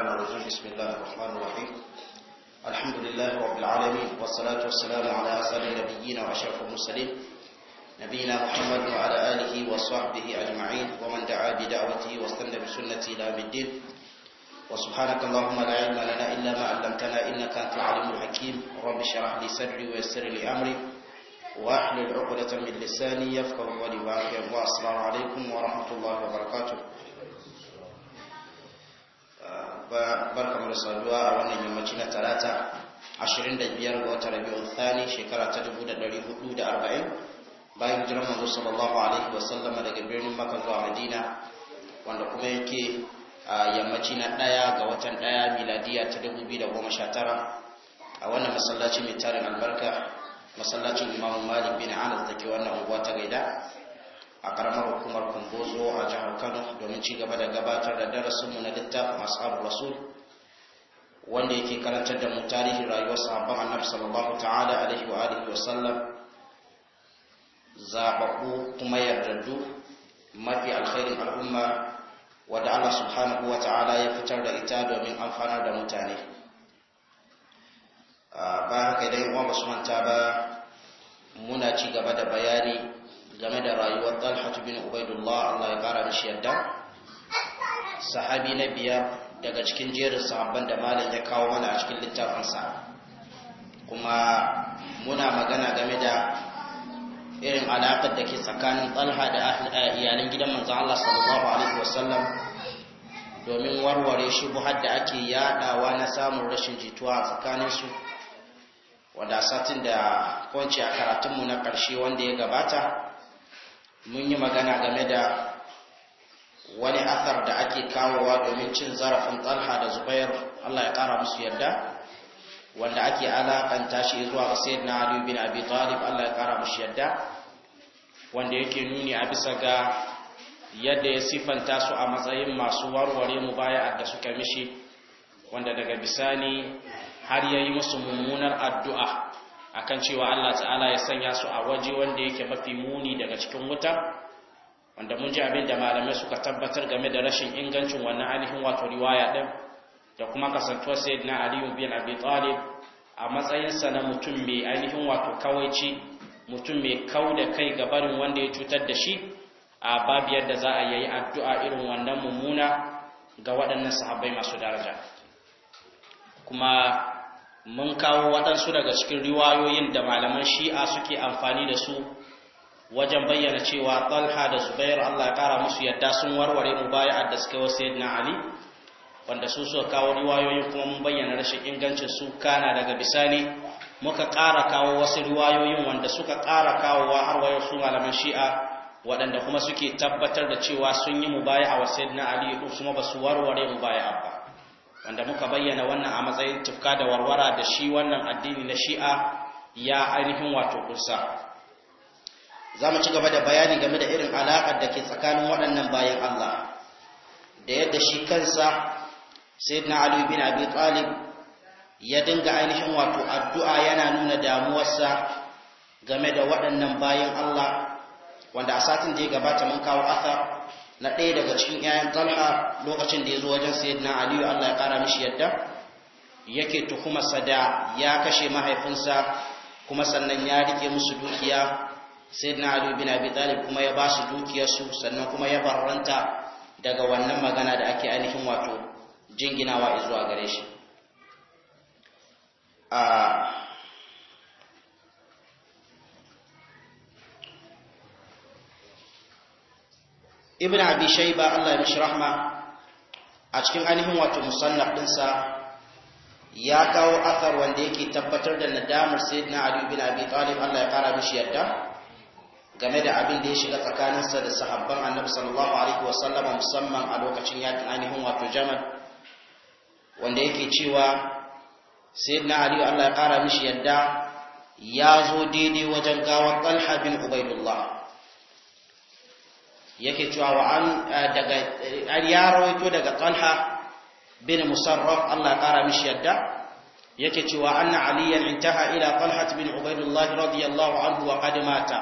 الرحمن الرحيم بسم الله الرحمن الرحيم الحمد لله رب العالمين والصلاة والسلام على أسأل النبيين وأشرف المرسلين نبينا محمد وعلى آله وصحبه أجمعين ومن دعا بدعوته واستنى بسنته إلى الدين وسبحانك اللهم لا علم لنا إلا ما علمتنا إنك أنت العليم الحكيم رب اشرح لي صدري ويسر لي أمري واحلل عقدة من لساني يفقه قولي وعافية والسلام عليكم ورحمة الله وبركاته barkamu da saduwa a wannan yammaci na talata 25 ga watan rabiul thani shekara ta 1440 bayan hijirar manzo sallallahu alaihi wasallam daga birnin makka zuwa madina wanda kuma yake yammaci na ɗaya ga watan ɗaya miladiya ta 2019 a wannan masallaci mai tarin albarka masallacin imamu malik bin anas da ke wannan unguwa ta gaida a karamar hukumar kumbozo a jihar kano domin ci gaba da gabatar da darasinmu na littafin asabu rasul wanda yake karantar da mu tarihin rayuwar sahabban annabi sallallahu ta'ala alaihi wa alihi wa sallam Zababu, kuma yardaddu mafi alkhairin al'umma wadda Allah subhanahu wa ta'ala ya fitar da ita domin amfanar da mutane ba haka idan uwa basu manta ba muna ci gaba da bayani game da rayuwar talhat bin ubaidullah Allah ya kara mishi yadda sahabi na biyar daga cikin jerin sahabban da malam ya kawo mana a cikin littafinsa kuma muna magana game da irin alaƙar da ke tsakanin talha da eh, iyalan gidan manzan Allah sallallahu alaihi wasallam domin warware shi buhar da ake yadawa na samun rashin jituwa a tsakaninsu wanda satin da kwanci a karatunmu na ƙarshe wanda ya gabata mun yi magana game da wani athar da ake kawowa domin cin zarafin talha da zubair Allah ya kara musu yarda wanda ake alakanta shi zuwa ga sayyidina ali bin abi talib Allah ya kara musu yarda wanda yake nuni a bisa ga yadda ya sifanta su a matsayin masu warware mu baya da suka mishi wanda daga bisani har yayi musu mummunar addu'a akan cewa Allah ta'ala ya sanya su a waje wanda yake mafi muni daga cikin wuta wanda mun ji abin da malamai suka tabbatar game da rashin ingancin wannan ainihin wato riwaya din da kuma kasantuwar sayyidina Ali bin Abi Talib a matsayinsa na mutum mai ainihin wato kawaici mutum mai kau da kai ga barin wanda ya cutar da shi a babiyar da za a yi addu'a irin wannan mummuna ga waɗannan sahabbai masu daraja kuma mun kawo waɗansu daga cikin riwayoyin da malaman shi'a suke amfani da su wajen bayyana cewa talha da zubair allah ya kara musu yadda sun warware mu baya da suka yi sayyidina ali wanda su suka kawo riwayoyin kuma mun bayyana rashin ingancin su kana daga bisani muka ƙara kawo wasu riwayoyin wanda suka ƙara kawowa har wayo su malaman shi'a waɗanda kuma suke tabbatar da cewa sun yi mu baya a wasaidina ali kuma ba su warware mu baya ba wanda muka bayyana wannan a matsayin tufka da warwara da shi wannan addini na shi'a ya ainihin wato kursa za mu ci gaba da bayani game da irin alaƙar da ke tsakanin waɗannan bayan Allah da yadda shi kansa sayyidina Ali bin Abi Talib ya dinga ainihin wato addu'a yana nuna damuwarsa game da waɗannan bayan Allah wanda a satin da ya gabata mun kawo athar na ɗaya daga cikin ‘ya'yan talha lokacin da ya zo wajen sayyidina aliyu allah ya ƙara mishi yadda yake tuhumarsa da ya kashe mahaifinsa kuma sannan ya rike musu dukiya sayyidina aliyu bin abi talib kuma ya ba su dukiyarsu sannan kuma ya barranta daga wannan magana da ake ainihin wato jinginawa izuwa gare shi ah, ibn abi shayba Allah ya mishi rahma a cikin ainihin wato musannaf dinsa ya kawo athar wanda yake tabbatar da nadamar sayyidina ali ibn abi talib Allah ya kara mishi yadda game da abin da ya shiga tsakaninsa da sahabban annabi sallallahu alaihi sallama musamman a lokacin yakin ainihin wato jamal wanda yake cewa sayyidina ali Allah ya kara mishi yadda ya zo daidai wajen gawar talha bin ubaidullah yake cewa wa an eh, daga eh, an ya daga Talha bin Musarraf Allah ƙara mishi yadda yake cewa anna aliyan intaha ila Talha bin Ubaidullah radiyallahu anhu wa qad mata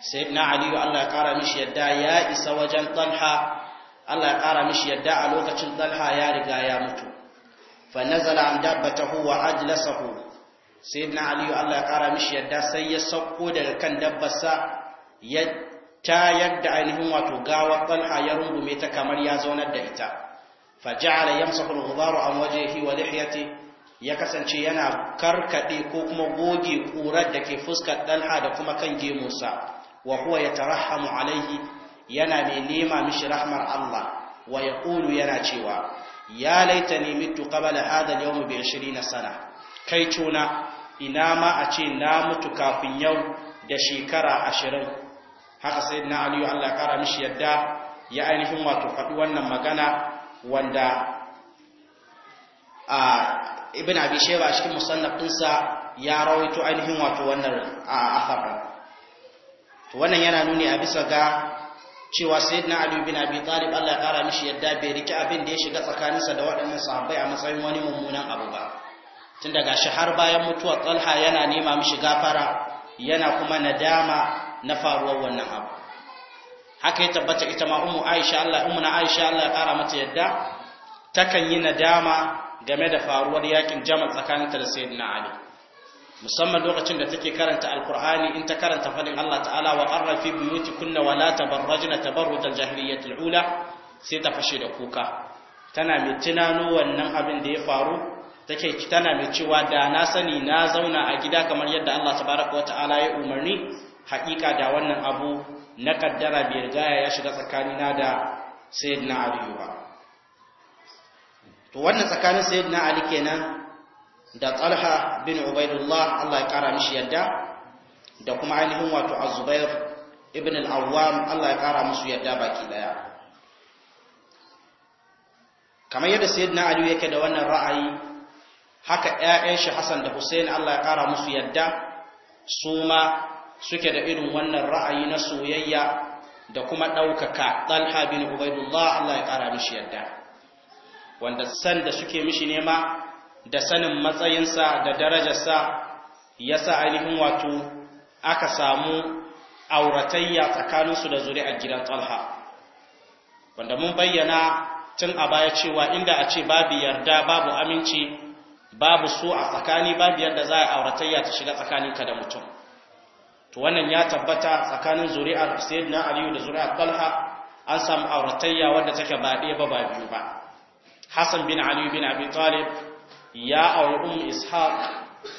sayyidina Ali Allah ƙara mishi yadda ya isa wajen Talha Allah ya ƙara mishi yadda a lokacin Talha ya riga ya mutu fa nazala an dabbatahu wa ajlasahu sayyidina Ali Allah ya ƙara mishi yadda sai ya sauko daga kan dabbarsa ya ta yadda ainihin wato gawar talha ya rungume ta kamar ya zaunar da ita fa ja'ala yamsahu al-ghubaru an wajhihi wa lihyati ya kasance yana karkade ko kuma goge kurar da ke fuskar talha da kuma kan gemusa wa huwa yatarahhamu alaihi yana mai nema mishi rahmar Allah wa yaqulu yana cewa ya laitani mitu qabla hadha al-yawm bi 20 sana kai tuna ina ma a ce na mutu kafin yau da shekara ashirin haka na Aliyu Allah ya kara mishi yadda ya ainihin wato faɗi wannan magana wanda a ibn abi shayba cikin musannaf ya rawaito ainihin wato wannan a athar to wannan yana nuni a bisa ga cewa sayyidina ali bin abi talib Allah ya kara mishi yadda bai riki abin da ya shiga tsakaninsa da waɗannan sahabbai a matsayin wani mummunan abu ba tun daga shi har bayan mutuwar talha yana nema mishi gafara yana kuma nadama na faruwar wannan abu haka ya tabbata ita ma ummu aisha Allah ummu na aisha Allah ya kara mata yadda takan yi nadama game da faruwar yakin jamal tsakaninta da sayyidina ali musamman lokacin da take karanta alqur'ani in ta karanta fadin Allah ta'ala wa qarra fi buyutikunna wa la tabarrajna tabarruj al-jahiliyyah ula sai ta fashe da kuka tana mai tunano wannan abin da ya faru take tana mai cewa da na sani na zauna a gida kamar yadda Allah tabaraka wa ta'ala ya umarni haƙiƙa da wannan abu na kaddara bai rigaya ya shiga tsakanina da sayyidina aliyu ba to wannan tsakanin sayyidina ali kenan da talha bin ubaidullah Allah ya kara mishi yadda da kuma ainihin wato azubair ibn al-awwam Allah ya kara musu yadda baki daya kamar yadda sayyidina ali yake da wannan ra'ayi haka ƴaƴan shi Hassan da Hussein Allah ya ƙara musu yadda su ma suke da irin wannan ra'ayi na soyayya da kuma ɗaukaka ɗalha bin ubaidullah Allah ya ƙara mishi yadda wanda san da suke mishi nema da sanin matsayinsa da darajarsa ya sa ainihin wato aka samu auratayya tsakaninsu da zuri'ar gidan ɗalha wanda mun bayyana tun a baya cewa inda a ce babu yarda babu aminci babu so a tsakani babu yadda za a auratayya ta shiga tsakaninka da mutum to wannan ya tabbata tsakanin zuri'ar sayyidina aliyu da zuri'ar talha an samu auratayya wanda take ba ɗaya ba ba biyu ba hassan bin aliyu bin abi talib ya auri ummu ishaq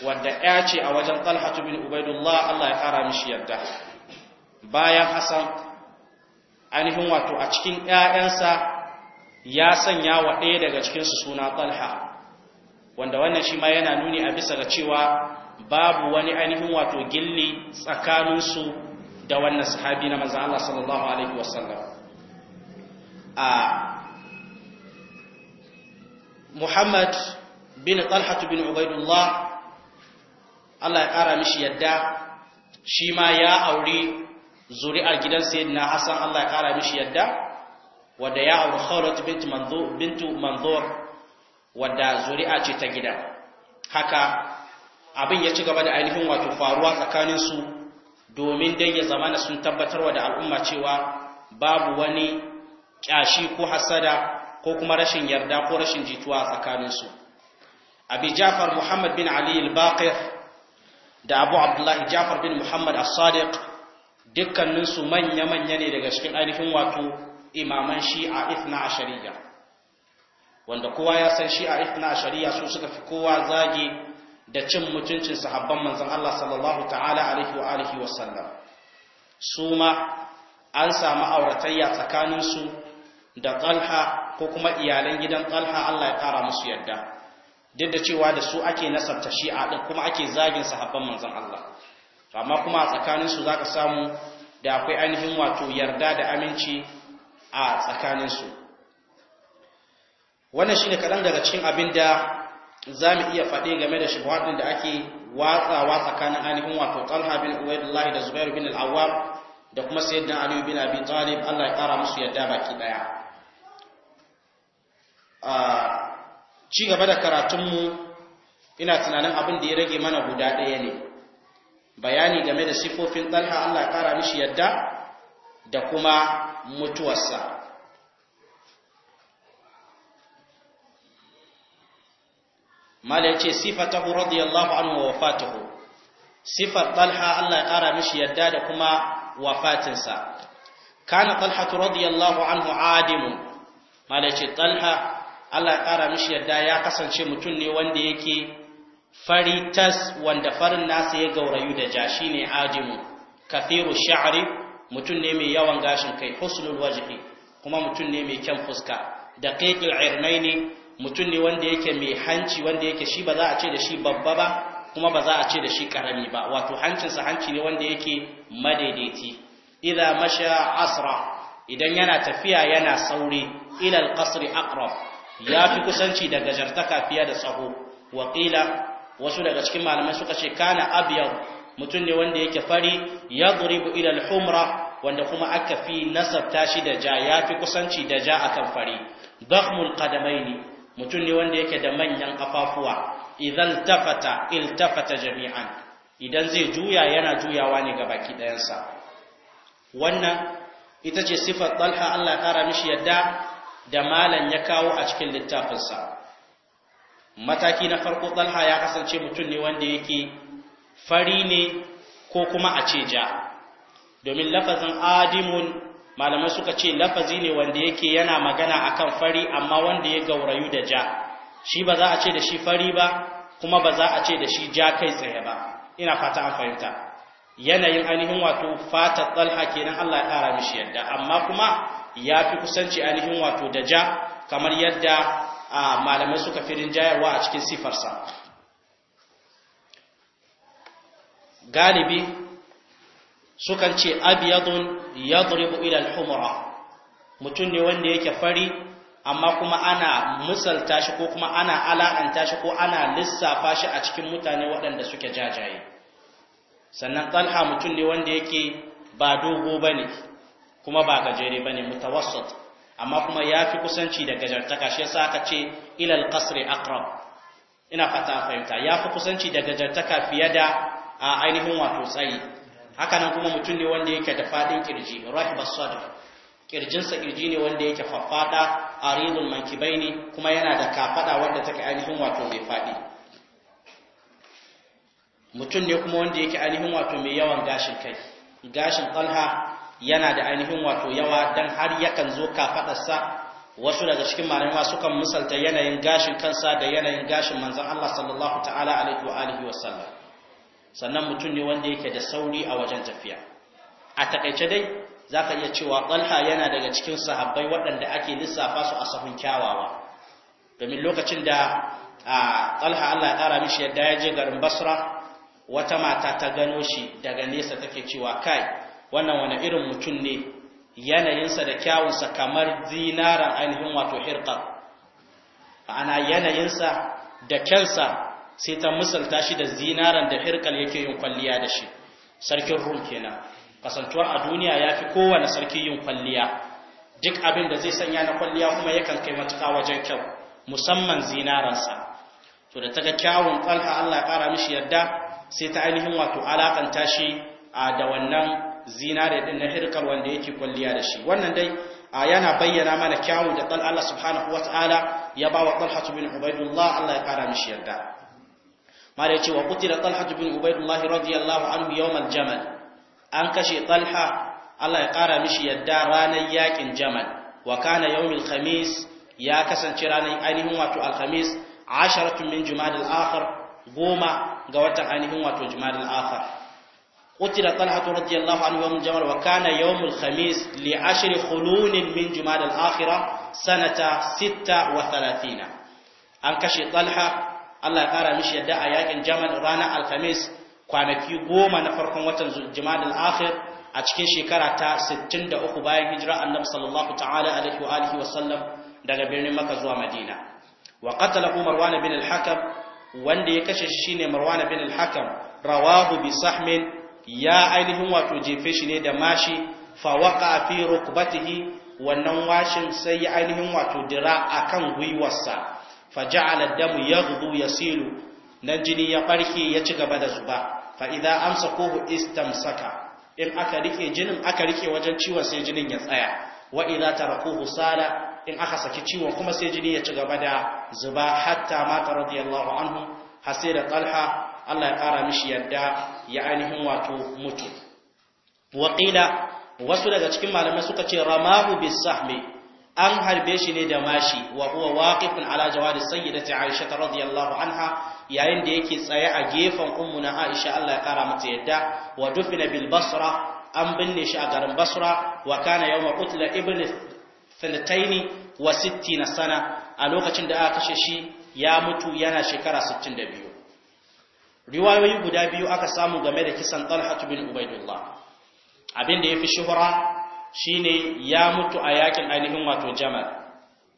wanda ya ce a wajen talhatu bin ubaidullah allah ya kara mishi yadda bayan hassan ainihin wato a cikin ƴaƴansa ya sanya wa ɗaya daga cikinsu suna talha wanda wannan shi ma yana nuni a bisa ga cewa babu wani ainihin wato gilli tsakaninsu da wannan sahabi na maza Allah sallallahu Alaihi wasallam a Muhammad bin Talhatu bin Ubaidullah Allah ya ƙara mishi yadda shi ma ya auri zuri'ar gidan Sayyidina Hassan Allah ya ƙara mishi yadda wadda ya auri Khawrat bintu Manzur wadda zuri'a ce ta gida haka abin ya ci gaba da ainihin wato faruwa tsakanin su domin dai ya zamana sun wa da al'umma cewa babu wani kyashi ko hasada ko kuma rashin yarda ko rashin jituwa a tsakaninsu abi jafar muhammad bin ali al-baqir da abu abdullahi jafar bin muhammad as-sadiq dukkaninsu manya-manya ne daga cikin ainihin wato imaman shi'a ifna ashariya wanda kowa ya san shi'a ifna ashariya su suka fi kowa zage. da cin mutuncin sahabban manzon Allah sallallahu ta'ala alaihi wa alihi wa sallam su ma an samu auratayya tsakanin su da Talha ko kuma iyalan gidan Talha Allah ya kara musu yadda duk da cewa da su ake nasabta a din kuma ake zagin sahabban manzon Allah amma kuma a tsakanin su zaka samu da akwai ainihin wato yarda da aminci a tsakanin su wannan shine kadan daga cikin abin da za mu iya faɗi game da shubuhat da ake watsawa tsakanin ainihin wato Talha bin Ubaydullah da Zubair bin Al-Awwam da kuma Sayyidina Ali bin Abi Talib Allah ya kara musu yadda baki daya a ci gaba da karatunmu ina tunanin abin da ya rage mana guda ɗaya ne bayani game da sifofin Talha Allah ya kara mishi yadda da kuma mutuwarsa mala yace sifatahu radiyallahu anhu wa wafatuhu sifar talha Allah ya kara mishi yadda da kuma wafatinsa kana talha radiyallahu anhu adimun mala yace talha Allah ya mishi yadda ya kasance mutum ne wanda yake fari tas wanda farin nasa ya gaurayu da ja shine adimu kafiru sha'ari mutum ne mai yawan gashin kai husnul wajhi kuma mutum ne mai kyan fuska daqiqul irmaini mutum ne wanda yake mai hanci wanda yake shi ba za a ce da shi babba ba kuma ba za a ce da shi karami ba wato hancinsa hanci ne wanda yake madaidaiti idan masha asra idan yana tafiya yana sauri ilal alqasr aqrab ya fi kusanci da jartaka fiye da tsaho wakila wasu daga cikin malamai suka ce kana abyad mutum ne wanda yake fari yadribu ila humra wanda kuma aka fi nasabta shi da ja ya fi kusanci da ja akan fari dakhmul qadamaini mutum ne wanda yake da manyan afafuwa idan tafata iltafata jami'an idan zai juya yana juyawa ne ga baki ɗayansa wannan ita ce sifar talha Allah ya ƙara mishi yadda da malam ya kawo a cikin littafinsa mataki na farko talha ya kasance mutum ne wanda yake fari ne ko kuma a ce ja domin lafazin adimun malamai suka ce lafazi ne wanda yake yana magana akan fari amma wanda ya gaurayu da ja shi ba za a ce da shi fari ba kuma ba za a ce da shi ja kai tsaye ba ina fata an fahimta yanayin ainihin wato fata tsalha kenan Allah ya ƙara mishi yadda amma kuma ya fi kusanci ainihin wato da ja kamar yadda malamai suka fi rinjayarwa a cikin sifarsa galibi sukan ce abiyadun yadribu ila ilal humura, mutum ne wanda yake fari amma kuma ana musalta shi ko kuma ana ala'anta shi ko ana lissafa shi a cikin mutane waɗanda suke jajaye sannan ɗalha mutum ne wanda yake ba dogo ba ne, kuma ba gajere ba ne mutawassat amma kuma ya fi kusanci da gajartaka shi yasa aka ce ilal qasri ina fata fahimta fi kusanci da gajartaka fiye da a ainihin wato tsayi haka nan kuma mutum ne wanda yake da fadin kirji as sadr kirjinsa kirji ne wanda yake faffada aridul mankibaini kuma yana da kafada wanda take ainihin wato mai fadi mutum ne kuma wanda yake ainihin wato mai yawan gashin kai gashin talha yana da ainihin wato yawa dan har yakan zo kafadarsa wasu daga cikin malamai sukan misalta yanayin gashin kansa da yanayin gashin manzon Allah sallallahu ta'ala alaihi wa alihi wa sannan mutum ne wanda yake da sauri a wajen tafiya a takaice dai za ka iya cewa ɗalha yana daga cikin sahabbai waɗanda ake lissafa su a sahun kyawawa domin lokacin da ɗalha Allah ya ƙara mishi yadda ya je garin Basra wata mata ta gano shi daga nesa take cewa kai wannan wani irin mutum ne yanayinsa da kyawunsa kamar zinaran ainihin wato hirka ana yanayinsa da kyansa sai ta misalta shi da zinaran da hirkal yake yin kwalliya da shi sarkin rum kenan kasantuwar a duniya ya fi kowane sarki yin kwalliya duk abin da zai sanya na kwalliya kuma yakan kai matuka wajen kyau musamman zinaransa to da ta ga kyawun ɗalha allah ya ƙara mishi yarda sai ta ainihin wato alaƙanta shi a da wannan zinare din na hirkal wanda yake kwalliya da shi wannan dai a yana bayyana mana kyawun da ɗan allah subhanahu wata'ala ya ba wa ɗalhatu bin ubaidullah allah ya ƙara mishi yarda mala yace wa qutila talha bin ubaydullah radiyallahu anhu yawm al-jamal an kashe talha Allah ya kara mishi yadda ranar yakin jamal wa kana yawm al-khamis ya kasance ranar ainihin wato al-khamis 10 min jumada al-akhir goma ga watan ainihin wato jumada al-akhir qutila talha radiyallahu anhu yawm al-jamal wa kana yawm al-khamis li 10 khulun min jumada al-akhirah sanata 36 an kashe talha Allah ya kara mishi yadda a yakin Jamal ranar Alhamis kwanaki goma na farkon watan Jumadal Akhir a cikin shekara ta 63 bayan hijira Annabi sallallahu ta'ala alaihi wa alihi wa sallam daga birnin Makka zuwa Madina wa qatala Marwan bin al-Hakam wanda ya kashe shi shine Marwan bin al-Hakam rawahu bi sahmin ya ainihin wato jefe shi ne da mashi fa waqa fi rukbatihi wannan washin sai ya ainihin wato dira akan gwiwarsa faja'ala damu yaghdu yasilu nan jini ya barke ya ci gaba da zuba fa amsa amsakuhu istamsaka in aka rike jinin aka rike wajen ciwon sai jinin ya tsaya waiza ta rako sala in aka saki ciwon kuma sai jini ya ci gaba da zuba hatta mata radiyallahu anhu hasi da talha Allah ya kara mishi yadda ya ainihin wato mutu waqila wasu daga cikin malamai suka ce ramahu bisahmi an harbe shi ne da mashi wa huwa waqifun ala jawadi sayyidati Aisha radhiyallahu anha yayin da yake tsaye a gefen na Aisha Allah ya kara mata yadda wa dufina bil Basra an binne shi a garin Basra wa kana yawma qutla ibn thalathaini wa 60 sana a lokacin da aka kashe shi ya mutu yana shekara 62 riwayoyi guda biyu aka samu game da kisan Talha bin Ubaidullah abinda yafi shuhura shine ya mutu a yakin ainihin wato jamal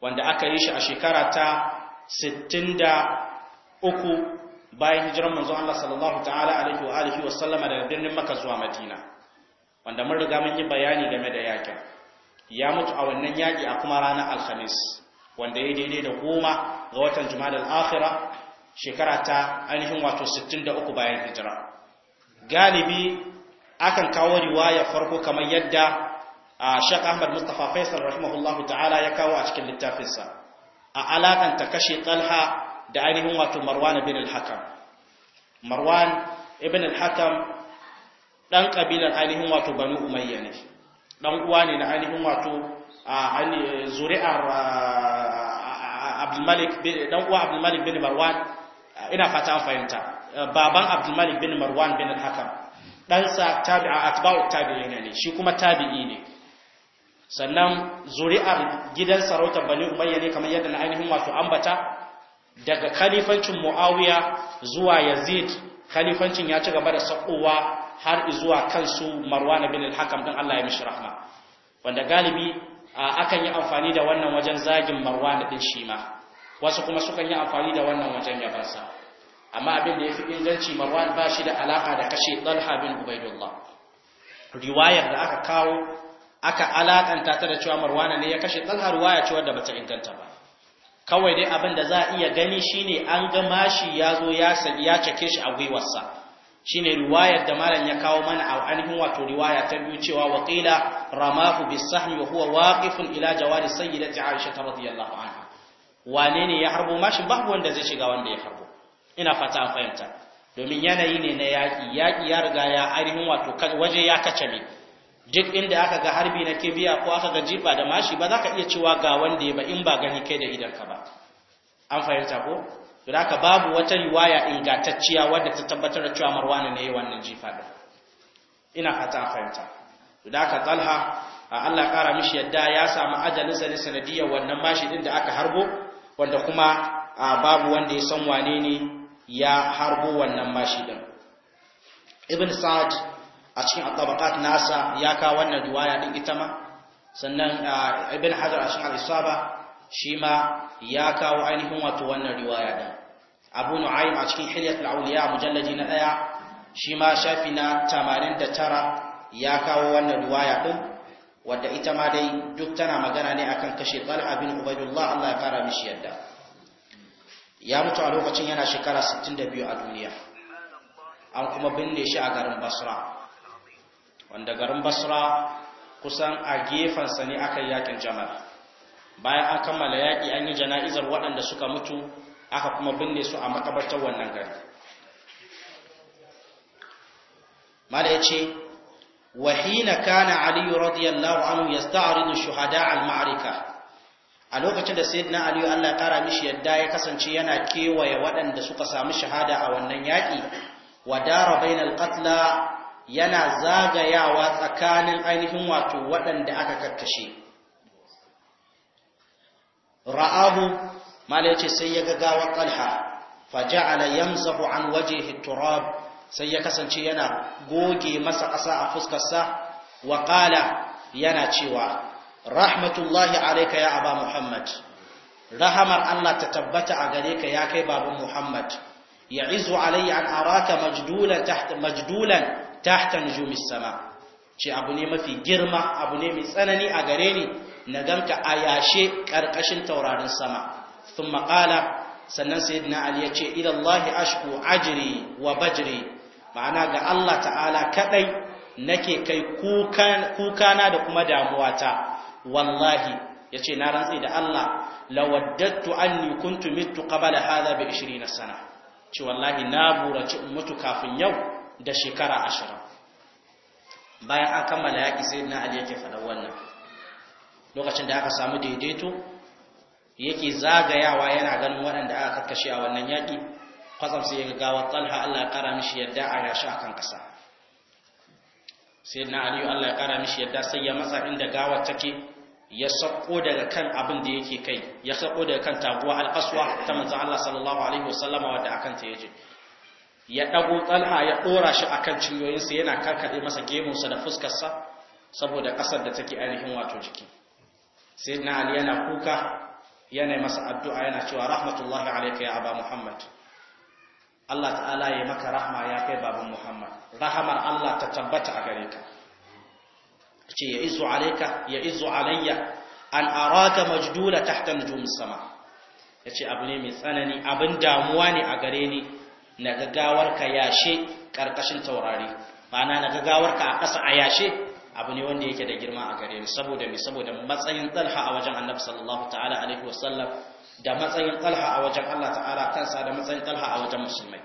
wanda aka yi shi a shekara ta 63 bayan hijiran manzo Allah sallallahu ta'ala alaihi wa alihi wa sallama daga birnin Makka zuwa Madina wanda mun riga mun yi bayani game da yakin ya mutu a wannan yaki a kuma ranar Alhamis wanda ya daidai da goma ga watan Jumadal Akhira shekara ta ainihin wato 63 bayan hijira galibi akan kawo riwaya farko kamar yadda a ah, Sheikh Ahmad Mustafa Faisal rahimahullahu ta'ala ya kawo a cikin littafinsa a alakanta kashe Talha da ainihin wato Marwan ibn al-Hakam Marwan ibn al-Hakam dan kabilar ainihin wato Banu Umayya ne dan uwa ne na ainihin wato a zuri'ar Abdul Malik dan uwa Abdul Malik bin Marwan ina fata an fahimta baban Abdul Malik bin Marwan bin al-Hakam ɗansa tabi'a atba'u tabi'ina ne shi kuma tabi'i ne sannan zuri'ar gidan sarautar bani umayya ne kamar yadda na ainihin wato ambata daga kalifancin muawiya zuwa yazid kalifancin ya ci gaba da sakowa har zuwa kansu marwan bin al-hakam Allah ya mishi rahma wanda galibi akan yi amfani da wannan wajen zagin marwa din shi ma wasu kuma sukan yi amfani da wannan wajen barsa amma abin da fi inganci marwan ba shi da alaka da kashe talha bin ubaidullah riwayar da aka kawo aka alakanta ta da cewa marwana ne ya kashe talha waya cewa da bata inganta ba kawai dai abin da za a iya gani shine an ga mashi ya zo ya cake shi a gwiwarsa shine riwayar da malam ya kawo mana a ainihin wato riwaya ta biyu cewa waqila ramahu bisahmi wa huwa waqifun ila jawari sayyidati aisha radhiyallahu anha wane ne ya harbo mashi babu wanda zai shiga wanda ya harbo ina fata an fahimta domin yanayi ne na yaki yaki ya riga ya ainihin wato waje ya kace ne duk inda aka ga harbi na kibiya ko aka ga jifa da mashi ba za ka iya cewa ga wanda ya ba in ba gani kai da idanka ba an fahimta ko to da babu wata riwaya ingantacciya wanda ta tabbatar da cewa marwana ne wannan jifa da ina fata fahimta to da talha Allah ya kara mishi yadda ya samu ajalin ne sanadiyya wannan mashi din da aka harbo wanda kuma babu wanda ya san wane ne ya harbo wannan mashi din ibn sa'ad a cikin al tabaqat nasa ya kawo wannan riwaya din ita ma sannan ibn hajar a isaba shi ma ya kawo ainihin wato wannan riwaya din abu nu'aym a cikin hilyat al-awliya mujallaji na daya shi ma shafi na 89 ya kawo wannan riwaya din wadda ita ma dai duk tana magana ne akan kashe Talha bin Ubaydullah Allah ya fara mishi yadda ya mutu a lokacin yana shekara 62 a duniya an kuma binne shi a garin Basra wanda garin basra kusan a gefensa ne aka yi yakin jamal bayan an kammala yaƙi an yi jana'izar waɗanda suka mutu aka kuma binne su a makabartar wannan gari mala ya ce wahina kana aliyu radiyallahu anhu ya sta'aridu shuhada al-ma'arika a lokacin da sayyidina aliyu allah kara mishi yadda ya kasance yana kewaye waɗanda suka samu shahada a wannan yaƙi wa dara bainal qatla yana zagayawa tsakanin ainihin wato waɗanda aka kakkashe ra'ahu mala ce sai ya ƙalha, faja faja'ala yamsahu an waje turab sai ya kasance yana goge masa ƙasa a fuskarsa wa ƙala yana cewa rahmatullahi alaika ya aba muhammad rahamar Allah ta tabbata a gare ka ya kai Babu muhammad ya'izu alayya an araka majdulan tahtan jumi sama ce abu mafi girma abu ne mai tsanani a gareni. ni na ganka a yashe karkashin taurarin sama sun maƙala sannan sayyidina ali ya ce ilallahi ashku ajri wa bajri ma'ana ga Allah ta'ala kadai nake kai kukana da kuma damuwa ta. wallahi yace na rantsi da Allah lawaddattu anni kuntu mittu qabla hadha bi na sana ci wallahi na buraci in mutu kafin yau da shekara ashirin bayan an kammala yaƙi sai na ali yake faɗa wannan lokacin da aka samu daidaito yake zagayawa yana ganin waɗanda aka karkashe a wannan yaƙi kwatsam sai ya gawar talha allah ya ƙara mishi yadda a yashi a kan ƙasa sai na aliyu allah ya ƙara mishi yadda sai ya matsa inda gawar take ya sako daga kan abin da yake kai ya sako daga kan taguwa alƙaswa ta manzan Allah sallallahu alaihi wasallama wadda akan ta yaje ya dago tsalha ya dora shi akan ciyoyinsa yana karkade masa gemunsa da fuskarsa saboda kasar da take ainihin wato jiki sai na ali yana kuka yana masa addu'a yana cewa rahmatullahi alayka ya aba muhammad Allah ta'ala ya maka rahma ya kai baban muhammad rahamar Allah ta tabbata a gare ka ce ya izu alaika ya izu alayya an araka majdula tahta nujum sama yace abu ne mai tsanani abin damuwa ne a gare ni na gagawar ka yashe karkashin taurari Ba na gagawar ka a ƙasa a yashe abu ne wanda yake da girma a gare ni saboda me saboda matsayin talha a wajen annabi sallallahu ta'ala alaihi sallam da matsayin talha a wajen Allah ta'ala kansa da matsayin talha a wajen musulmai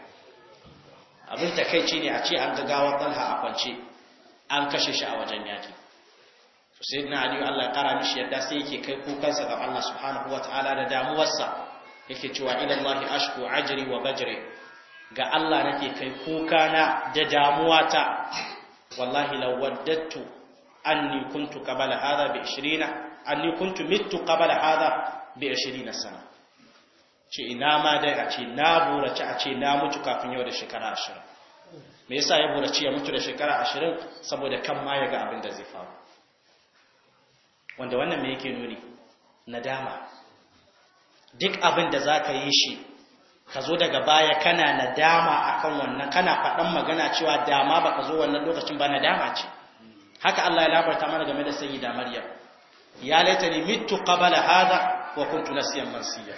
abin takeici ne a ce an gagawar talha a kwance an kashe shi a wajen yaki sai na aliyu Allah kara mishi yadda sai yake kai kukansa ga Allah subhanahu wa ta'ala da damuwarsa yake cewa ila Allah ashku ajri wa bajri ga Allah nake kai kukana da damuwata wallahi law waddattu anni kuntu qabala hadha bi 20 anni kuntu mittu qabala hadha bi 20 sana ce ina ma dai a ce na burace a ce na mutu kafin yau da shekara ashirin? me yasa ya burace ya mutu da shekara ashirin? saboda kan ma ya ga abin da zai faru wanda wannan me yake nuni nadama duk abin da za yi shi ka zo daga baya kana nadama akan wannan kana faɗan magana cewa dama ba ka zo wannan lokacin ba nadama ce haka Allah ya labarta mana game da sayyida Maryam ya laitani mittu qabala hada wa kuntu nasiyan mansiya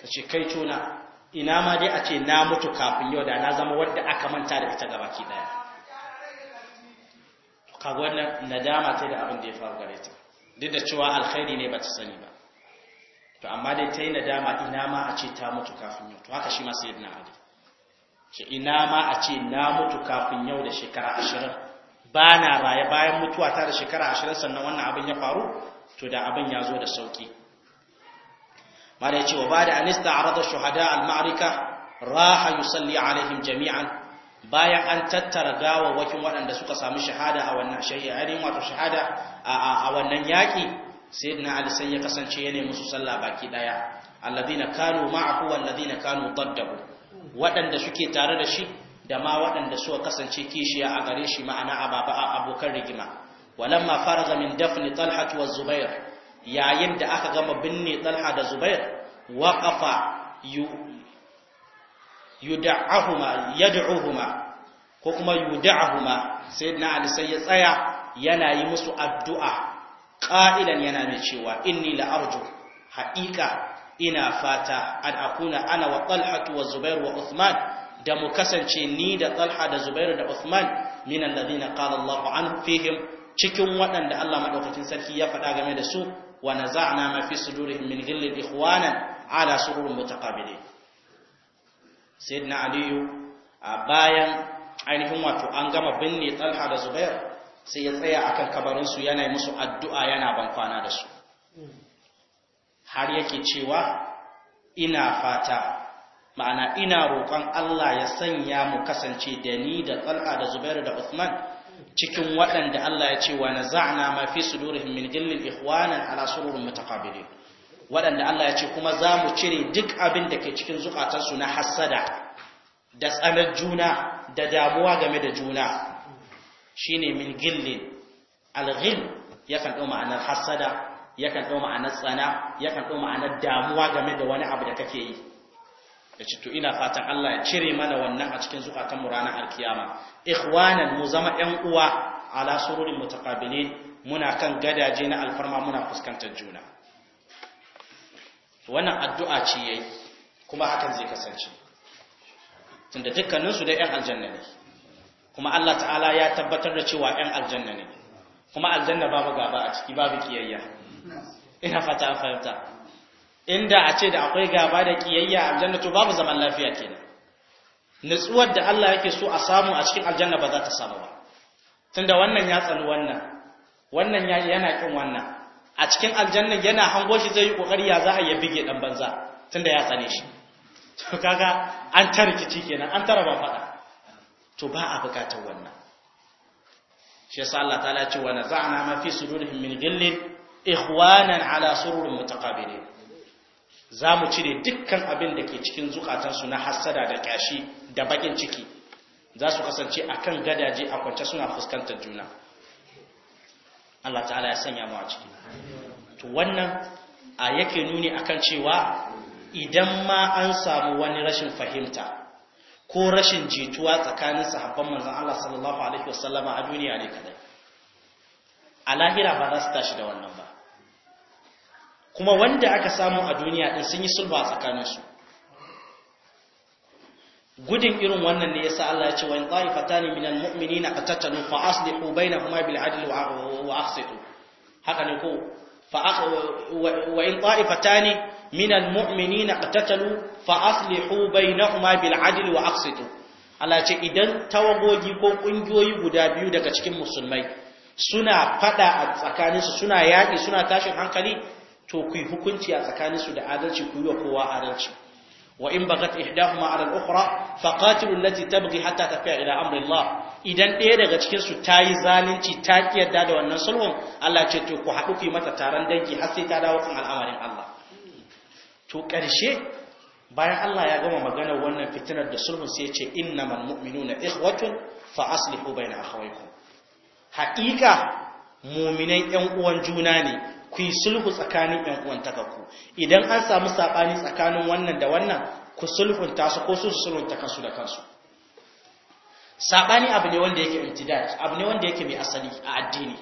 tace kai tona ina ma dai a ce na mutu kafin yau da na zama wadda aka manta da ita gabaki daya kaga wannan nadama ce da abin da ya faru gare ta duk da cewa alkhairi ne ba ta sani ba to amma dai ta yi nadama ina ma a ce ta mutu kafin yau to haka shi ma sayyidina ali ce ina ma a ce na mutu kafin yau da shekara ashirin ba na raye bayan mutuwa ta da shekara ashirin sannan wannan abin ya faru to da abin ya zo da sauki mara ya ce wa ba da anista a radar shuhada al-ma'arika raha yusalli alaihim jami'an bayan an tattara gawawwakin waɗanda suka samu shahada a wannan shahirin wato shahada a wannan yaƙi na ali sai ya kasance ya nemi su sallah baki ɗaya alladhina kanu ma'ahu walladhina kanu daddahu waɗanda suke tare da shi da ma waɗanda suka kasance kishiya a gare shi ma'ana ababa abokan rigima walamma fara min dafni talha wa zubair yayin da aka gama binne talha da zubair waqafa yud'ahuma yad'uhuma ko kuma yud'ahuma sayyidina ali sai ya tsaya yana yi musu addu'a qa'ilan yana mai cewa inni la arju haqiqa ina fata an akuna ana wa talhatu wa zubair wa uthman da mu kasance ni da talha da zubair da uthman min alladhina qala Allahu an fihim cikin waɗanda Allah madaukakin sarki ya faɗa game da su wa naza'na ma fi sudurihim min ghillin ikhwanan ala sururin mutaqabilin sayyidina aliyu a bayan ainihin wato an gama binne talha da zubair sai ya tsaya akan kabarinsu yana musu addu'a yana ban kwana da su har yake cewa ina fata ma'ana ina roƙon Allah ya sanya mu kasance da ni da talha da zubair da uthman cikin waɗanda Allah ya ce wa naza'na ma fi sudurihim min ghillin ikhwanan ala sururin mutaqabilin waɗanda Allah ya ce kuma za mu cire duk abin da ke cikin zukatarsu na hassada da tsanar juna da damuwa game da juna shi ne min gillin alghil kan ɗau ma'anar hassada kan ɗau ma'anar tsana kan ɗau ma'anar damuwa game da wani abu da kake yi da to ina fatan Allah ya cire mana wannan a cikin mu ranar alkiyama ikhwanan mu zama ƴan uwa ala sururin mutaqabilin muna kan gadaje na alfarma muna fuskantar juna wannan addu'a ce yayi kuma hakan zai kasance tunda dukkaninsu da 'yan aljanna ne kuma Allah ta'ala ya tabbatar da cewa 'yan aljanna ne kuma aljanna babu gaba a ciki babu kiyayya ina fata an fahimta inda a ce da akwai gaba da kiyayya aljanna to babu zaman lafiya kenan nutsuwar da Allah yake so a samu a cikin aljanna ba za ta samu ba tunda wannan ya tsani wannan wannan yana kin wannan a cikin aljannan yana hango shi zai yi kokari ya za ya bige dan banza tunda ya tsane shi to kaga an tarkici kenan an tara ban fada to ba a bukatar wannan shi yasa Allah ta'ala ya ce wa naza'na ma fi sudurihim min ghillin ikhwanan ala sururin mutaqabilin mu cire dukkan abin da ke cikin zukatansu na hasada da kyashi da bakin ciki za su kasance akan gadaje a kwance suna fuskantar juna Allah ta'ala ya sanya mu a ciki to wannan a yake nuni akan cewa idan ma an samu wani rashin fahimta ko rashin jituwa tsakanin sahabban manzon Allah sallallahu alaihi wasallama a duniya ne kadai a lahira ba za su tashi da wannan ba kuma wanda aka samu a duniya din sun yi sulba su gudun irin wannan ne yasa Allah ya ce wa in ta'ifatani minal mu'minina qatatalu fa aslihu bainahuma bil adli wa aqsitu haka ne ko fa wa in ta'ifatani minal mu'minina qatatalu fa aslihu bainahuma bil adli wa aqsitu Allah ya ce idan tawagogi ko kungiyoyi guda biyu daga cikin musulmai suna fada a tsakaninsu suna yaƙi suna tashin hankali to ku yi hukunci a tsakaninsu da adalci ku yi wa kowa adalci وإن بغت إحداهما على الأخرى فقاتل التي تبغي حتى تفيع إلى أمر الله Idan إيه daga cikin su tayi zalunci ta kiyarda da wannan sulhun Allah ce to ku haɗu ku mata taron dangi har sai ta dawo kan al'amarin Allah to ƙarshe bayan Allah ya gama maganar wannan fitinar da sulhun sai ya ce innamal mu'minuna ikhwatun fa aslihu baina akhawaykum haƙiƙa mu'minan ƴan uwan juna ne ku yi sulhu tsakanin ‘yan ku idan an samu saɓani tsakanin wannan da wannan ku sulhunta su ko su sulhunta kansu da kansu saɓani abu ne wanda yake imtidaj abu ne wanda yake mai asali a addini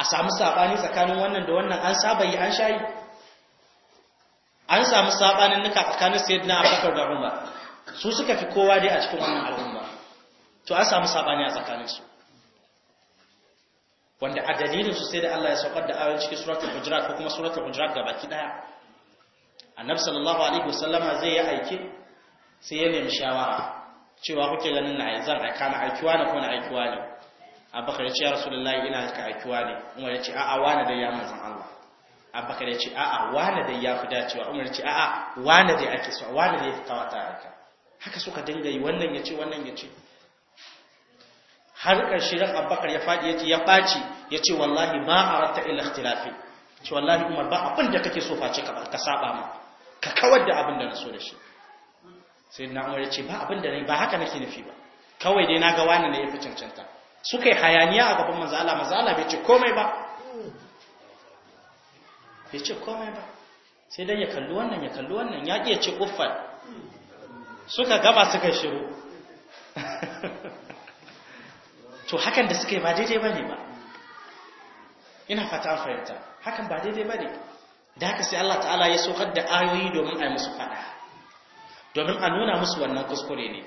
a samu saɓani tsakanin wannan da wannan an saba yi an shayi an samu saɓanin nuka tsakanin na abubakar da umar su suka fi kowa dai a cikin wannan al'umma to an samu saɓani a tsakaninsu wanda a dalilinsu sai da Allah ya saukar da ayoyin cikin suratul hujurat ko kuma suratul hujurat gabaki daya annabi sallallahu alaihi wasallama zai yi aiki sai ya nemi shawara cewa kuke ganin na zan aika na aikiwa ne ko na aikiwa ne abubakar ya ce ya rasulullahi ina ka aikiwa ne umar ya ce a'a wani dai ya manzan Allah abubakar ya ce a'a wani dai ya fi dacewa umar ya ce a'a wani dai ake so wani dai ya fi kawata aika haka suka dinga yi wannan ya ce wannan ya ce har ƙarshe ran abbakar ya faɗi ya ya ɓaci ya ce wallahi ma a rata ila ikhtilafi ce wallahi umar ba abin da kake so face ka ka saba ma ka kawar da abin da na so da shi sai na umar ya ce ba abin da ba haka nake nufi ba kawai dai na ga wani ne ya fi cancanta suka yi hayaniya a gaban manzo Allah manzo Allah bai ce komai ba bai ce komai ba sai dan ya kalli wannan ya kalli wannan ya iya ce uffan suka gaba suka shiru to hakan da suke ba daidai ba ne ba ina fata an fahimta hakan ba daidai ba ne? da haka sai Allah ta'ala ya sokar da ayoyi domin a yi musu fada domin a nuna musu wannan kuskure ne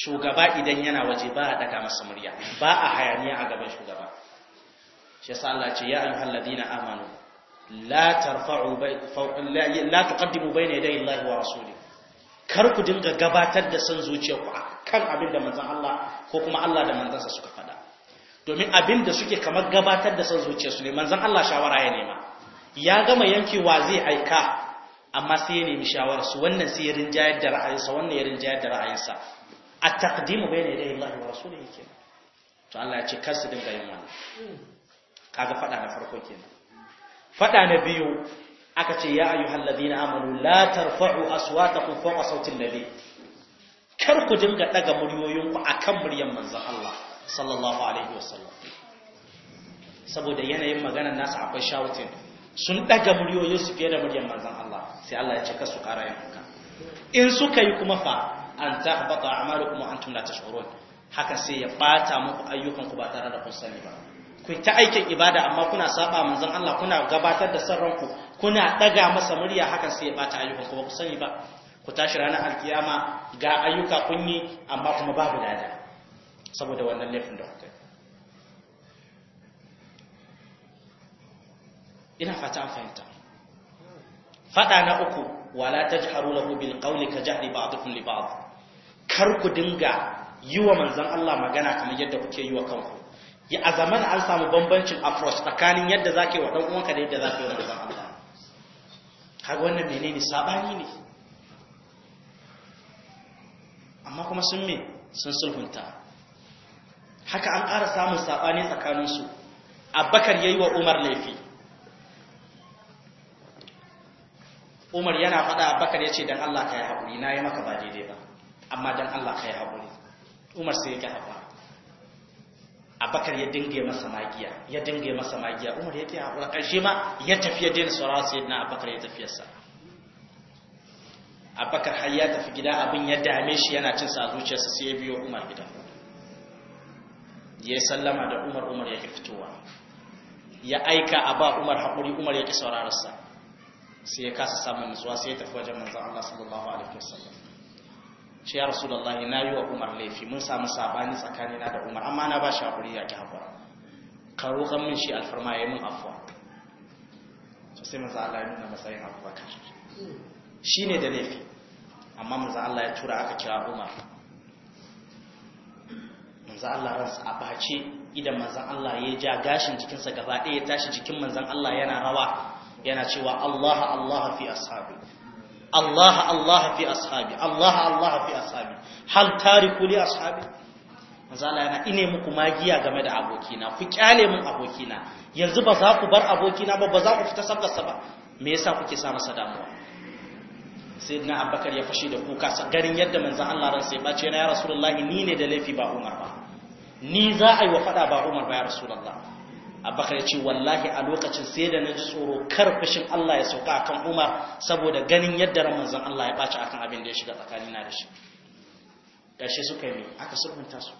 shugaba idan yana waje ba a daga masa murya ba a hayaniya a gaban shugaba shi yasa Allah ce ya ayyuhal ladina amanu la tarfa'u la tuqaddimu bayna yaday Allah wa rasuli kar ku dinga gabatar da san zuciyarku kan abin da manzon Allah ko kuma Allah da manzansa suka domin abin da suke kamar gabatar da san zuciya su ne manzon Allah shawara ya nema ya gama yanki wa zai aika amma sai ya nemi shawararsu wannan sai ya rinjayar da ra'ayinsa wannan ya rinjayar da ra'ayinsa a taqdimu bayna yadayi Allah wa rasulihi kenan to Allah ya ce kar su dinga yin wannan kaga fada na farko kenan fada na biyu aka ce ya ayyuhal ladina amanu la tarfa'u aswatakum fawqa sawti nabi kar ku dinga daga muryoyinku akan muryan manzon Allah sallallahu alaihi wasallam saboda yanayin maganar nasu akwai shawutin sun daga muryoyi su fiye da muryan manzon Allah sai Allah ya ce kasu ƙara yin in suka yi kuma fa an tahbata a'malukum wa an la tash'urun haka sai ya bata muku ayyukan ba tare da kun sani ba ku ta aikin ibada amma kuna saba manzon Allah kuna gabatar da san ranku kuna daga masa murya haka sai ya bata ayyukan ku ba ku sani ba ku tashi ranar alkiyama ga ayyuka kun amma kuma babu dada. saboda wannan laifin da kuka ina fata an fahimta fada na uku wala tajharu lahu bil qawli ka jahri ba'dikum li ba'd kar ku dinga yi wa manzon Allah magana kamar yadda kuke yi wa kanku ya azaman an samu bambancin approach tsakanin yadda zake wa dan uwanka da yadda zake wa manzon Allah kaga wannan menene sabani ne amma kuma sun me sun sulhunta haka an ƙara samun saɓani tsakaninsu Abakar ya yi wa umar laifi umar yana faɗa Abakar ya ce don allah ka yi haƙuri na yi maka ba daidai ba amma don allah ka yi haƙuri umar sai ya ƙi haƙura Abakar ya dinga masa magiya ya dinga masa magiya umar ya ƙi haƙura ƙarshe ma ya tafi ya daina saurawa sai na Abakar ya yasa. Abakar har ya tafi gida abin ya dame shi yana cin sa zuciyarsa sai ya biyo umar gida ya sallama da umar umar ya ki fitowa ya aika a ba umar haƙuri umar ya ki saurararsa sai ya kasa samun nutsuwa sai ya tafi wajen manzan Allah sallallahu alaihi wasallam ce ya rasu rasulullahi na yi wa umar laifi mun samu sabani tsakanina da umar amma na ba shi haƙuri ya ki haƙura ka kan min shi alfarma ya yi min afuwa sai manzan Allah ya nuna matsayin abubakar shi ne da laifi amma manzan Allah ya tura aka kira umar manzan Allah ransa a bace idan manzan Allah ya ja gashin jikinsa gaba ɗaya ya tashi jikin manzan Allah yana rawa yana cewa Allah Allah fi ashabi Allah Allah fi ashabi Allah Allah fi ashabi hal tariku li ashabi manzan Allah yana ine muku magiya game da abokina ku kyale mun abokina yanzu ba za ku bar abokina ba ba za ku fita sabgarsa ba me yasa kuke sa masa damuwa sai na abubakar ya fashe da kuka garin yadda manzan Allah ransa ya bace na ya rasulullahi ni ne da laifi ba umar ba ni za a yi wa faɗa ba umar ba ya rasulallah abubakar ya ce wallahi a lokacin sai da na ji tsoro kar Allah ya sauka akan umar saboda ganin yadda ramazan Allah ya a akan abin da ya shiga tsakanina da shi ƙarshe suka yi aka sulhunta su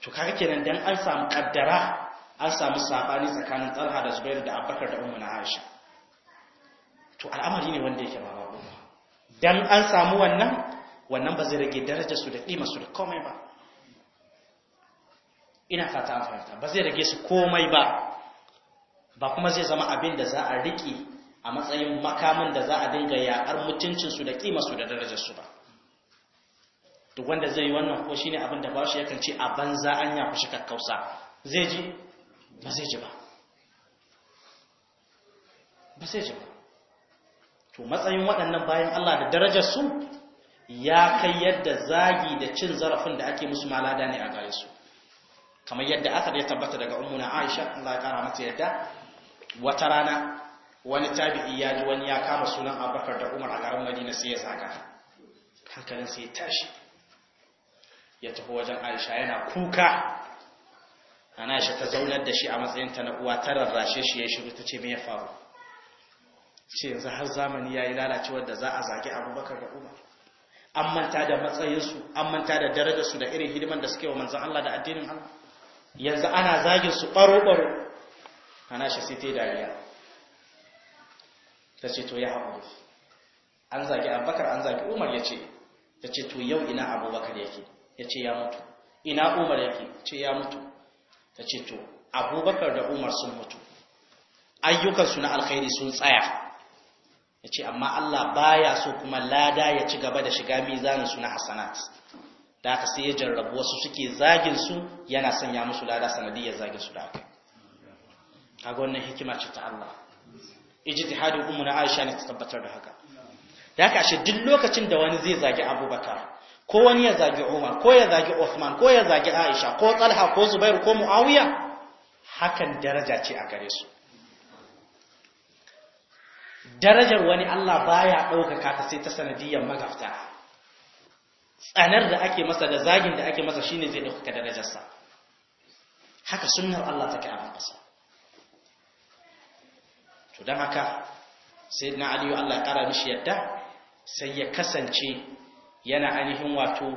to kaga kenan dan an samu kaddara an samu sabani tsakanin Talha da Zubair da Abakar da Ummu Aisha to al'amari ne wanda yake ba babu dan an samu wannan wannan ba zai rage darajarsu da ƙimarsu da komai ba ina fata an fahimta ba zai rage su komai ba ba kuma zai zama abin da za a riƙe a matsayin makamin da za a dinga yaƙar mutuncinsu da ƙimarsu da darajarsu ba duk wanda zai yi wannan ko shine abin da ba shi yakan ce a banza an ya kushi kakkausa zai ji ba zai ji ba ba zai ji ba to matsayin waɗannan bayan Allah da darajarsu ya kai yadda zagi da cin zarafin da ake musu malada ne a gare su kamar yadda aka ya tabbata daga ummuna Aisha Allah ya kara mata yadda wata rana wani tabi'i ya ji wani ya kama sunan Abubakar da Umar a garin Madina sai ya zaga hankalin sai ya tashi ya tafi wajen Aisha yana kuka ana Aisha ta zaunar da shi a matsayin ta na uwa ta rarrashe shi ya shiru ta ce me ya faru ce yanzu har zamani ya yi lalacewar da za a zagi Abubakar da Umar an manta da matsayinsu an manta da darajarsu da irin hidiman da suke wa manzan Allah da addinin Allah yanzu ana zagin su ɓaro-ɓaro ana shi sai tai dariya ta ce to ya haƙuri an zagi abubakar an zagi umar ya ce ta ce to yau ina abubakar yake ya ce ya mutu ina umar yake ce ya mutu ta ce to abubakar da umar sun mutu ayyukansu na alkhairi sun tsaya ya ce amma Allah baya so kuma lada ya ci gaba da shiga mizaninsu na hasanat da aka sai ya jarrabu wasu suke zagin su yana sanya musu lada sanadiyar zagin su da aka kaga wannan hikima ce ta Allah ijtihadin ummu na Aisha ne ta tabbatar da haka da aka ashe duk lokacin da wani zai zagi Abubakar ko wani ya zagi Umar ko ya zagi Uthman ko ya zagi Aisha ko Talha ko Zubair ko Muawiya hakan daraja ce a gare su darajar wani Allah baya ɗaukaka ta sai ta sanadiyar magafta tsanar da ake masa da zagin da ake masa shine zai ɗaukaka darajarsa haka sunnar Allah take a ƙasa to don haka sai na aliyu Allah ya ƙara mishi yadda sai ya kasance yana ainihin wato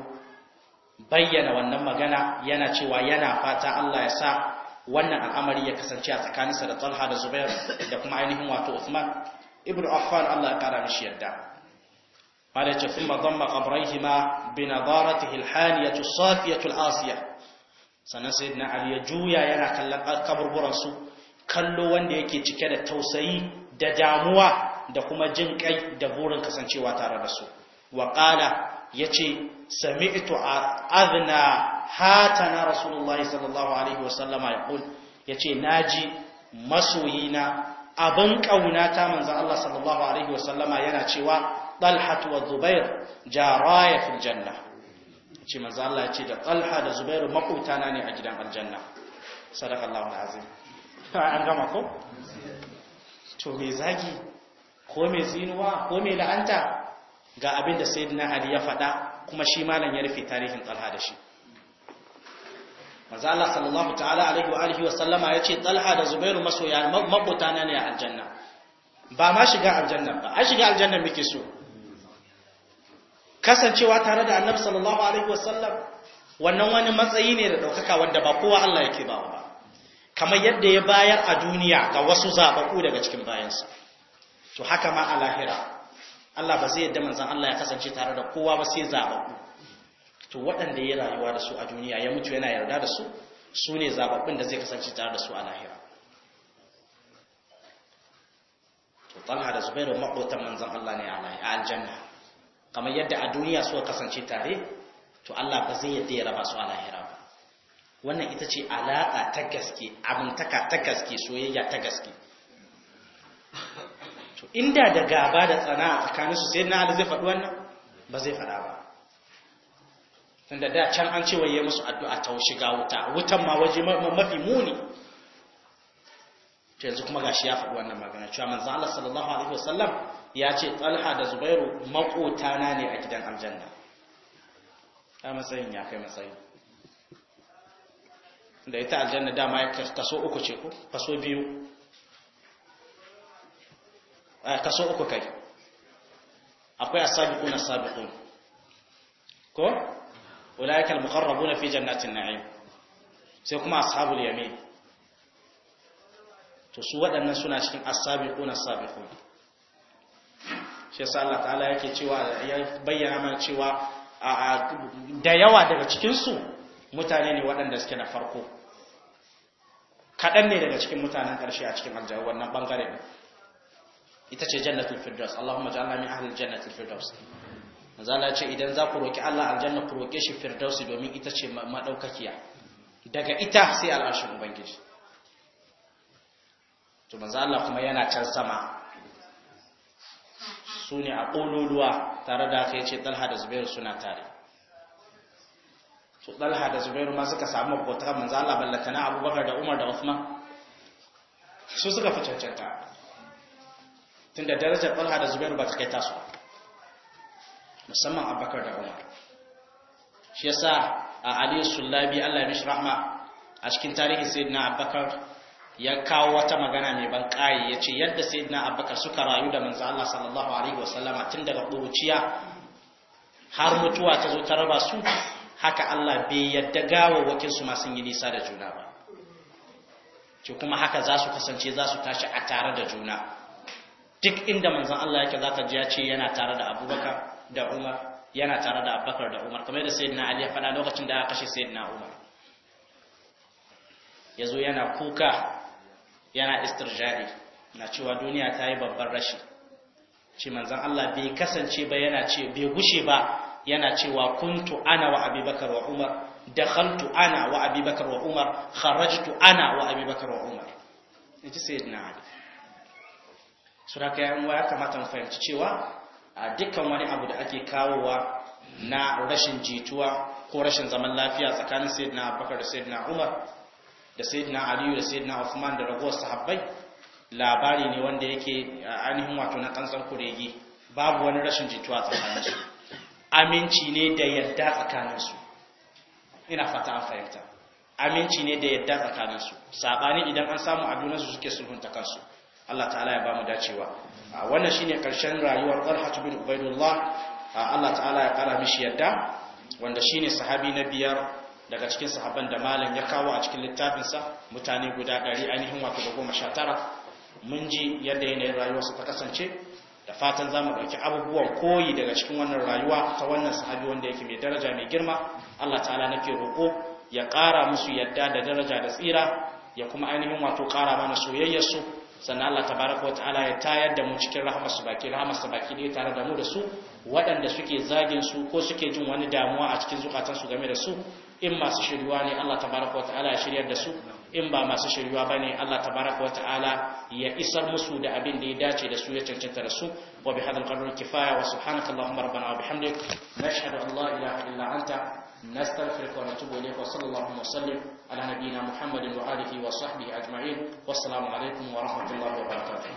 bayyana wannan magana yana cewa yana fata Allah ya sa wannan al'amari ya kasance a tsakaninsa da Talha da Zubair da kuma ainihin wato Uthman ibnu affan Allah ya kara mishi yadda قال ثم ضم قبريهما بنظارته الحانية الصافية العاصية sannan sayyidina ali ya juya yana kallon su kallo wanda yake cike da tausayi da damuwa da kuma jin kai da burin kasancewa tare da su wa qala yace sami'tu adna na rasulullah sallallahu alaihi wasallama yaqul yace naji masoyina abin ƙaunata ta manzan Allah sallallahu Alaihi wasallama yana cewa ɗalhat wa zubair jaraya fi janna ce manzan Allah ce da ɗalha da zubairu makotana ne a gidan aljanna sadaka azim an gama ko? to mai zagi ko mai zinuwa ko mai la'anta ga abin da sai Ali ya faɗa kuma shi malam ya rufe tarihin ɗalha da shi maza Allah sallallahu ta'ala alaihi wa alihi wa sallama yace Talha da Zubairu masoya na ne a aljanna ba ma shiga aljanna ba a shiga aljanna muke so kasancewa tare da Annabi sallallahu alaihi wa sallam wannan wani matsayi ne da daukaka wanda ba kowa Allah yake ba ba kamar yadda ya bayar a duniya ga wasu zabaku daga cikin bayansa to haka ma a lahira Allah ba zai yadda manzon Allah ya kasance tare da kowa ba sai zabaku to waɗanda ya rayuwa da su a duniya ya mutu yana yarda da su su ne zababbin da zai kasance tare da su a lahira to talha da zubairu maƙotan manzan allah ne a aljanna kamar yadda a duniya suka kasance tare to allah ba zai yadda ya raba su a lahira ba wannan ita ce alaƙa ta gaske taka ta gaske soyayya ta gaske to inda da gaba da tsana a tsakaninsu sai na ala zai faɗi wannan ba zai faɗa ba tunda da can an ce waye musu addu'a ta shiga wuta wutan ma waje mafi muni to yanzu kuma gashi ya faɗi wannan magana cewa manzo Allah sallallahu alaihi wasallam ya ce Talha da Zubairu makotana ne a gidan aljanna ta matsayin ya kai matsayi da ita aljanna dama ya kaso uku ce ko kaso biyu kaso uku kai akwai asabiquna sabiqun ko ulaikal muqarrabuna fi jannatin na'im sai kuma ashabul yamin to su wadannan suna cikin as-sabiqun as-sabiqun shi yasa Allah ta'ala yake cewa ya bayyana mana cewa da yawa daga cikin su mutane ne waɗanda suke na farko kaɗan ne daga cikin mutanen ƙarshe a cikin aljahu wannan ɓangare ita ce jannatul firdaus Allahumma ja'alna min ahlil jannatil firdaus manzala ce idan za ku roƙi Allah aljanna ku roƙe shi firdausi domin ita ce madaukakiya daga ita sai al'arshin ubangiji to manzala kuma yana can sama su ne a ƙololuwa tare da aka ce Dalha da zubairu suna tare to Dalha da zubairu ma suka samu makwata manzala ballantana abubakar da umar da uthman su suka fi cancanta tun da darajar Dalha da zubairu ba ta kai tasu ba musamman abubakar da umar shi yasa a ali sullabi allah ya mishi rahma a cikin tarihin saidina abakar ya kawo wata magana mai ban kayi ya ce yadda saidina abakar suka rayu da manzan allah sallallahu alaihi wasallama tun daga ƙuruciya har mutuwa ta zo ta raba su haka allah bai yadda gawawwakin su ma sun yi nisa da juna ba ce kuma haka za su kasance za su tashi a tare da juna duk inda Manzan Allah yake za ka ji ya ce yana tare da abubakar da Umar yana tare da Abubakar da Umar kamar da Sayyidina Ali ya faɗa lokacin da aka kashe Sayyidina Umar yazo yana kuka yana istirjari. na cewa duniya ta yi babban rashi ce manzon Allah bai kasance ba yana ce bai gushe ba yana cewa kuntu ana wa Abubakar wa Umar dakhaltu ana wa Abubakar wa Umar kharajtu ana wa Abubakar wa Umar yaji Sayyidina Ali sura kayan waya kamata mu fahimci cewa a dukkan wani abu da ake kawowa na rashin jituwa ko rashin zaman lafiya tsakanin sayyidina abubakar da sayyidina umar da sayyidina aliyu da sayyidina uthman da ragowar sahabbai labari ne wanda yake ainihin wato na kansan kurege babu wani rashin jituwa tsakanin su aminci ne da yadda tsakanin su ina fata an fahimta aminci ne da yadda tsakanin su saɓani idan an samu a su suke sulhunta kansu Allah ta'ala ya ba mu dacewa wannan shine karshen rayuwar Talha bin Ubaidullah Allah ta'ala ya kara mishi yadda wanda shine sahabi na biyar daga cikin sahabban da malam ya kawo a cikin sa mutane guda 100 ainihin wato da tara. mun ji yadda yanayin sa ta kasance da fatan zamu mu ɗauki abubuwan koyi daga cikin wannan rayuwa ta wannan sahabi wanda yake mai daraja mai girma Allah ta'ala nake roƙo ya ƙara musu yadda da daraja da tsira ya kuma ainihin wato ƙara mana soyayyarsu sannan Allah wa wataala ya tayar da mu cikin rahmarsa baki rahmarsa baki ne tare da mu da su waɗanda suke zagin su ko suke jin wani damuwa a cikin zukatansu su game da su in masu shiryuwa ne Allah wa ta'ala ya shiryar da su in ba masu shiryuwa ne Allah wa ta'ala ya isar musu da abin da ya dace da su ya cancanta da su wa bihadhal qadri kifaya wa subhanakallahumma rabbana wa bihamdik nashhadu an la ilaha illa anta نستغفرك ونتوب إليك وصلى اللهم وسلم على نبينا محمد وآله وصحبه أجمعين والسلام عليكم ورحمة الله وبركاته